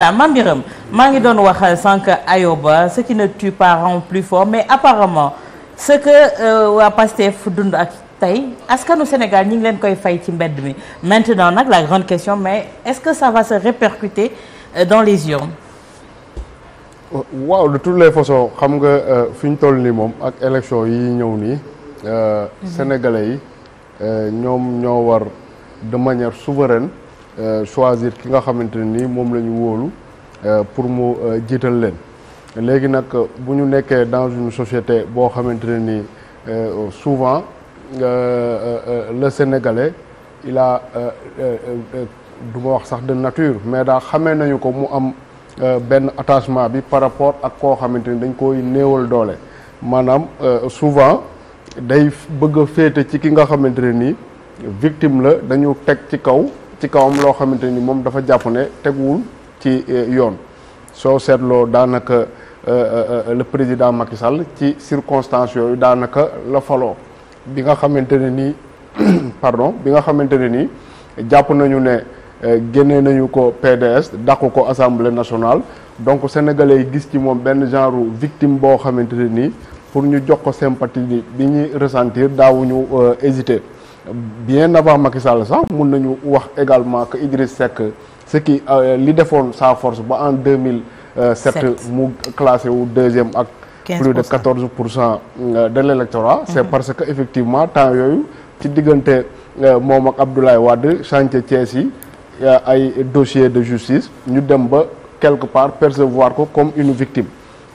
voilà ah, Mame Birame maa ngi doon wax sànq Ayoba ce qui ne tue pas rend plus fort mais apparemment ce que euh, waa fu dund ak tey askanu Sénégal ñi ngi leen koy fay ci mbedd mi maintenant nag la grande question mais est-ce que ça va se répercuter euh, dans les urnes. waaw de toutes les façons xam nga euh, fi ñu toll nii moom ak élection yi ñëw nii. Mhm. Sénégalais yi ñoom ñoo war de manière souveraine. Euh, choisir ki nga xamante ne nii moom la ñu wóolu euh, pour mu euh, jiital leen léegi nag bu ñu nekkee dans une société boo xamante ne nii souvent le sénégalais il a du ma wax sax de nature mais daa xamee nañu ko mu am benn attachement bi par rapport ak koo xamante ni dañ koy néewal doole maanaam souvent day bëgg a féete ci ki nga xamante ne nii victime la dañu teg ci kaw ci kawam loo xamante ni moom dafa jàpp ne teguwul ci eh, yoon soo seetloo daanaka eh, eh, le président Macky Sall ci circonstances yooyu daanaka la faloo bi nga xamante ne nii pardon bi nga xamante ne nii jàpp nañu ne génnee nañu ko PDS dàqu ko assemblée nationale donc sénégalais yi gis ci moom benn genre victime boo xamante ne nii pour ñu jox ko sympathie bi ñuy ressentir daawuñu hésiter. bien a Macky Sall sax mun nañu wax également que Idriss Seck ce qui euh, li defoon sa force ba en 2007 mu classé wu deuxième ak plus de 14 pour cent euh, de l'électorat c'est mhm. parce que effectivement temps yooyu ci diggante euh, moom ak Abdoulaye Wade chantier Thiès yi ay dossier de justice ñu dem ba quelque part percevoir ko comme une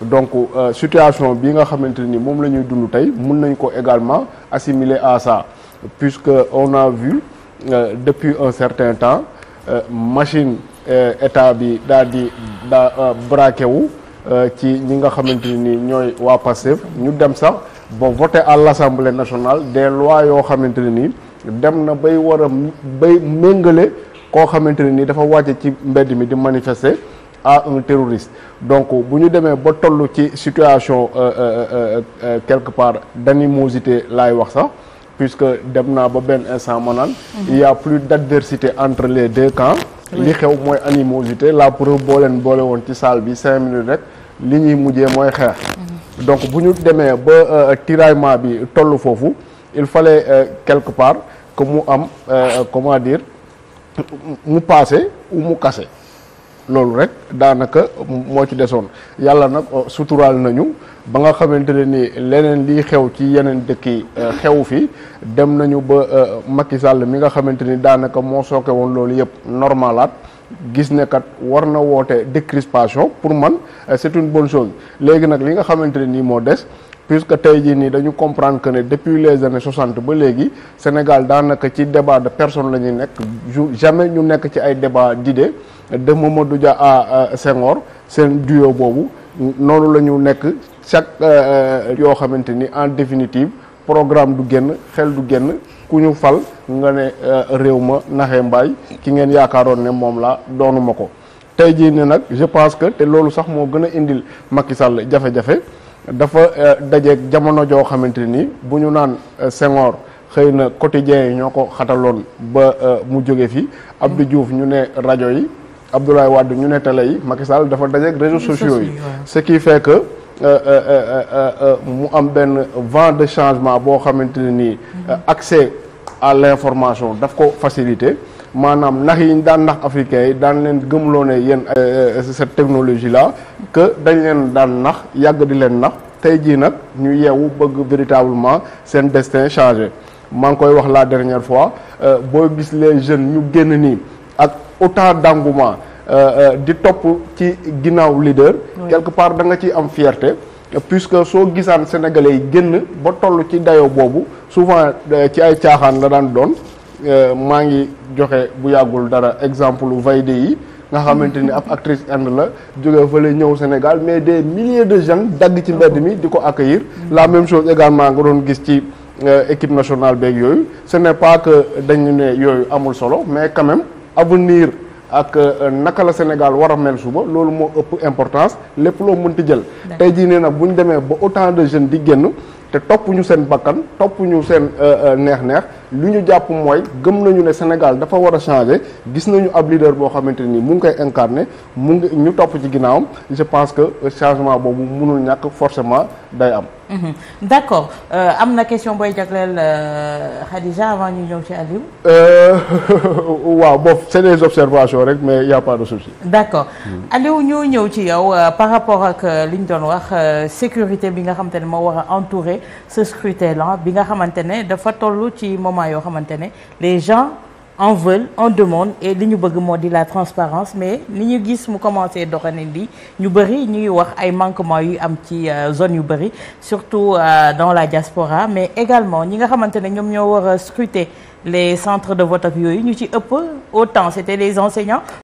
donc situation bi nga xamante ni moom la ñuy dund tey mun nañ ko également assimiler à ça puisque que a vu euh, depuis un certain temps euh, machine euh, état bi daal di daa euh, braqué wu euh, ci ñi nga xamante ni ñooy waa Pastef ñu dem sax ba voté à l'Assemblée nationale des lois yoo xamante ne nii dem na bay war a bay méngale koo xamante ne nii dafa wàcce ci mbedd mi di manifester à un terroriste donc bu ñu demee ba toll ci situation euh, euh, euh, quelque part d'animosité laay wax sax puisque dem naa ba benn instant ma naan il y a plus d'adversité entre les deux camps li xew mooy animosité la preuve boo boole woon ci salle bi cinq minutes rek li ñuy mujjee mooy xeex mhm. donc bu ñu demee ba euh, tiraillement bi toll foofu il fallait euh, quelque part que mu am euh, comment dire mu passé ou mu cassé loolu rek daanaka moo ci desoon yàlla nag oh, suturaal nañu ba nga xamante ne ni leneen lii xew ci yeneen dëkk yi eh, xew fi dem nañu ba eh, Macky sàll mi nga xamante ni daanaka moo sooke woon loolu yëpp normalaat gis ne kat war na woote décrispation pour man eh, c'est une bonne chose léegi nag li nga xamante ne nii moo des puisque tey jii nii dañu comprendre que ne depuis les années 60 ba léegi Sénégal daanaka ci débat de personne la ñuy nekk jamais ñu nekk ci ay débat d'idées de Mamadou Dia à Senghor seen duo boobu noonu la ñu nekk chaque euh, euh, yoo xamante ni en définitive programme du génn xel du génn ku ñu fal nga ne euh, réew ma naxee mbaay ki ngeen yaakaaroon ne moom la doonuma ko tey jii nii nag je pense que te loolu sax moo gën a indil Macky Sall jafe-jafe dafa euh, dajeeg jamono joo xamante ni bu ñu naan euh, Senghor xëy na quotidien yi ñoo ko xataloon ba euh, mu jóge fi Abdou Diouf ñu ne rajo yi Abdoulaye Wade ñu ne télé yi Macky dafa dajeeg réseaux sociaux yi ce qui fait que mu am benn vent de changement boo xamante ne nii mm-hmm. accès à l'information daf ko facilité maanaam nax yi ñu daan nax africains yi daan leen gëmloo ne yéen euh, euh, cette technologie la que dañ leen daan nax yàgg di leen nax tey jii nag ñu yeewu bëgg véritablement seen destin changé maa ngi koy wax la dernière fois euh, boo gis les jeunes ñu génn nii ak autant d'engouement di topp ci ginnaaw leader quelque part da nga ciy am fierté puisque soo gisaan sénégalais yi génn ba toll ci dayo boobu souvent ci ay caaxaan la daan doon Euh, maa ngi joxe bu yàggul dara exemple Vaidé yi nga xamante ni ab actrice inde la jóge fële ñëw Sénégal mais des milliers de jeunes dagg ci mbedd mi di ko accueillir la même chose également nga doon gis ci euh, équipe nationale beeg yooyu ce n'est pas que dañu ne yooyu amul solo mais quand même avenir ak euh, naka la Sénégal war a mel suba loolu moo ëpp importance lépp loo mënti jël tey jii nee nag bu ñu demee ba autant de jeunes di génn te topp ñu seen bakkan topp ñu seen neex-neex lu ñu jàpp mooy gëm nañu ne Sénégal dafa war a changer gis nañu ab leader boo xamante ni mu ngi koy incarner mu ngi ñu topp ci ginnaawam je pense que changement boobu mënul ñàkk forcément day am. Mhm. d'accord euh, am na question booy jagleel euh, Khadija avant ñu ñëw ci Aliou. Euh, waaw boobu c'est des observations rek mais y a pas de souci. d'accord mm. Aliou ñu ñëw ci yow par rapport ak li ñu doon wax sécurité bi nga xamante ne moo war a ce scrutin là bi nga xamante ne éléments yoo xamante ne les gens en veulent en demandent et li ñu bëgg moo di la transparence mais ni ñu gis mu commencé doxanin bi ñu bëri ñuy wax ay manquements yu am ci euh, zone yu bëri surtout euh, dans la diaspora mais également ñi nga xamante ne ñoom ñoo war a scruter les centres de vote ak yooyu ñu ci ëpp autant c'était les enseignants